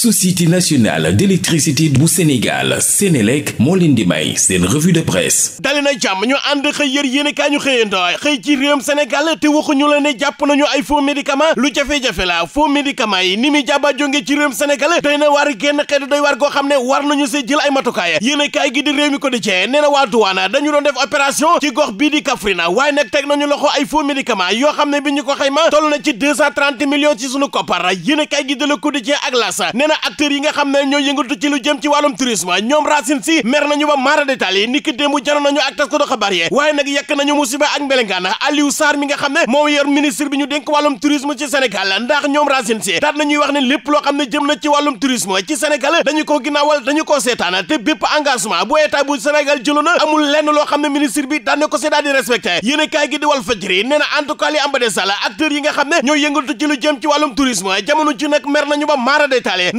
société nationale d'électricité bu Sénégal Sénélec moo leen di may seen revue de presse dali na jàmm ñu ànd xëy yër yéen kaa ñu xëyandoy xëy ci réewum Sénégal te waxuñu la ne jàpp nañu ay faux médicament lu jafe-jafe la faux médicament yi ni muy jàba jónge ci réewum Sénégal doy na waar génn xeetu doy waar goo xam ne war nañu see jël ay matukaay yéen kaay gi di réew mi ko di cee na waa douane dañu doon def opération ci gox bii di Kaffrine yoo xam ne bi ñu ko xayma toll na ci 230 na acteurs yi nga xam ne ñoo yëngatu ci lu jëm ci wàllum tourisme ñoom Racine Sy mer nañu ba mara détail yi ni ki démb jano yi nga xam ne moom yor ñu dénk wàllum tourisme ci Sénégal ndax ñoom Racine wax ne lépp loo xam ne jëm na ci wàllum tourisme ci Sénégal ko ginnaawal dañu ko seetaan te bépp engagement bu état bu Sénégal jëloon loo xam ne ministre bi daan na ko a kaay na am yi ne ñoo yëngatu ci lu jëm ci wàllum tourisme jamono ci nag mer nañu ba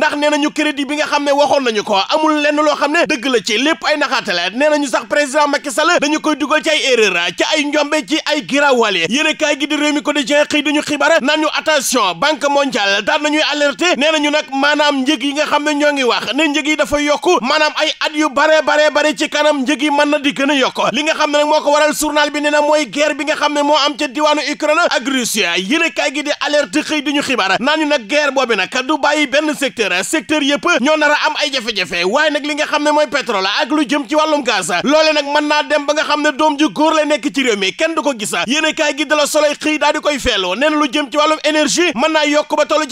ndax nee nañu crédit bi nga xam ne waxoon nañu ko amul lenn loo xam ne dëgg la ci lépp ay naxaatale nee nañu sax président Macky Sall dañu koy dugal ci ay erreur ci ay njombe ci ay giraawale yéene kaay gi di réew mi ko di jeex xëy dañu xibaar naan ñu attention banque mondiale daan nañuy alerté nee nañu nag maanaam njëg yi nga xam ne ñoo ngi wax ne njëg yi dafa yokku maanaam ay at yu bare bare bare ci kanam njëg yi mën na di gën a yokk li nga xam ne moo ko waral journal bi nee na mooy guerre bi nga xam ne moo am ca diwaanu Ukraine ak Russie yéene kaay gi di alerte xëy di ñu xibaar naan ñu nag guerre boobi nag du bàyyi benn secteur dara secteur yëpp ñoo nar am ay jafe-jafe waaye nag li nga xam ne mooy pétrole ak lu jëm ci wàllum gaz loole nag mën naa dem ba nga xam ne doom ju góor la nekk ci réew mi kenn du ko gisa yéene kaay gi da la Soleil xëy daal di koy feelu nee lu jëm ci wàllum énergie mën naa yokk ba toll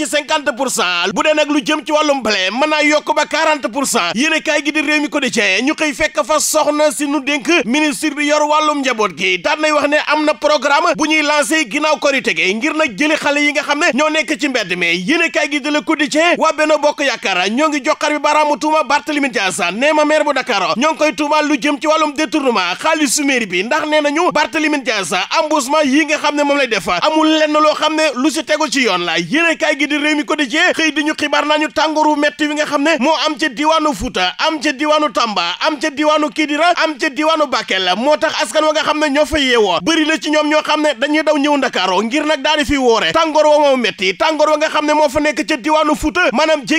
pour cent bu dee nag lu jëm ci wàllum blé mën naa yokk ba quarante pour cent yéene gi di réew mi ko di cee ñu xëy fekk fa soxna si nu dénk ministre bi yor wàllum njaboot gi daan nay wax ne am na programme bu ñuy lancé ginnaaw korite gi ngir nag jëli xale yi nga xam ne ñoo nekk ci mbedd mi yéene kaay gi ko di cee bokk yaakaar ñoo ngi joxar bi baaraamu tuuma Barthélémy Dias nee ma maire ñoo ngi koy tuuma lu jëm ci wàllum détournement xaalisu mairie bi ndax nee nañu Barthélémy Dias embauchement yi nga xam ne moom lay def amul lenn loo xam ne lu si tegu ci yoon la yéene kaay gi réew mi ko di jee xëy di ñu xibaar naa ñu tàngooru metti wi nga xam ne moo am ca diwaanu Fuuta am ca diwaanu Tamba am ca diwaanu Kidira am ca diwaanu Bakel moo tax askan wa nga xam ne ñoo fa yeewoo bëri na ci ñoom ñoo xam ne dañuy daw ñëw Ndakaaru ngir nag daal di fi woore tàngoor wa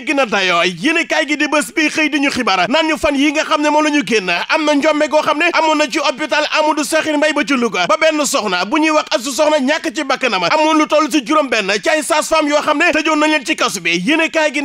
jéggi na dayoo yéene kaay gi di bés bi xëy di ñu xibaar naan ñu fan yi nga xam ne na njombe goo xam ne na ci ba ci lu toll ci juróom benn ci ay sage xam ne tëjoon nañ leen ci kasu bi yéene kaay yi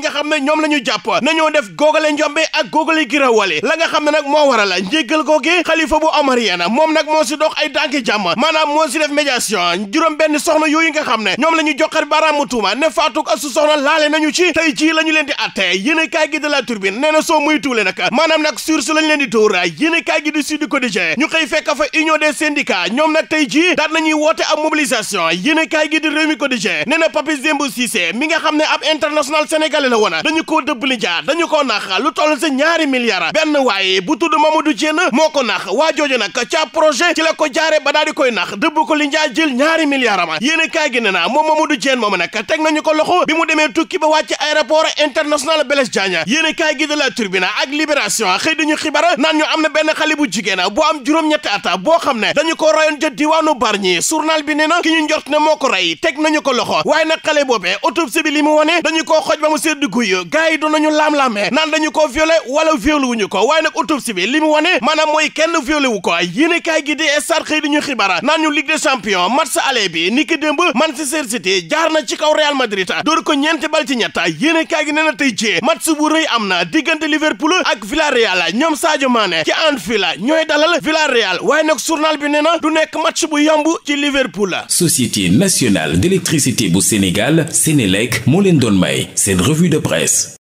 nga xam ne ñoom la ñu jàpp nañoo def googale njombe ak googale girawale la nga xam ne nag moo waral njéggal googi xalifa bu omariana moom nag moo si dox ay dànki jàmm maanaam moo si def médiation juróom benn soxna yooyu nga xam ne ñoom la ñu joxar baaraamu tuuma ne faatug asu soxna laale nañu ci tey jii la ñu leen di atte yéen gi de la turbine nee soo muy tuule nag maanaam nag sur su lañ leen di tuur yéen kaay gi di Sud Quotidien ñu xëy fekk fa union des syndicats ñoom nag tey jii daan nañuy woote ab mobilisation yéen kaay gi di Rewmi Quotidien nee na Papis Dembo Cissé mi nga xam ne ab international sénégalais la woon dañu koo dëbbali jaar dañu koo nax lu toll si ñaari milliards benn waaye bu tudd Mamadou Dieng nag nañu ko loxo bi mu demee tukki ba wàcc aéroport international Blaise Diagne yéene kaay gi de la Tribune ak Libération xëy dañu xibaar naan ñu am na benn xale bu jigéen bu am juróom-ñetti ata boo xam ne dañu ko rayoon ca diwaanu Bargny journal bi nee na ki ñu njort ne moo ko rey teg nañu ko loxo waaye nag xale boobee autopsie bi li mu wone dañu ko xoj ba mu sedd guy gars yi doon nañu laam-laamee wala violé wuñu ko waaye nag autopsie li mu wone maanaam mooy kenn violé wu ko yéene kaay gi di Stades xëy dañu xibaar naan ñu Ligue des Champions match aller bi niki jaar na kaw Real Madrid dóor ko ñeenti bal ci ñetta yéene kaay gi nee na tey jee match bu rëy am na diggante Liverpool ak Villarreal ñoom Sadio Mané ci Anfield ñooy dalal Villarreal waaye nag journal bi nee na du nekk match bu yomb ci Liverpool. Société nationale d'électricité bu Sénégal Sénélec moo leen doon may seen revue de presse.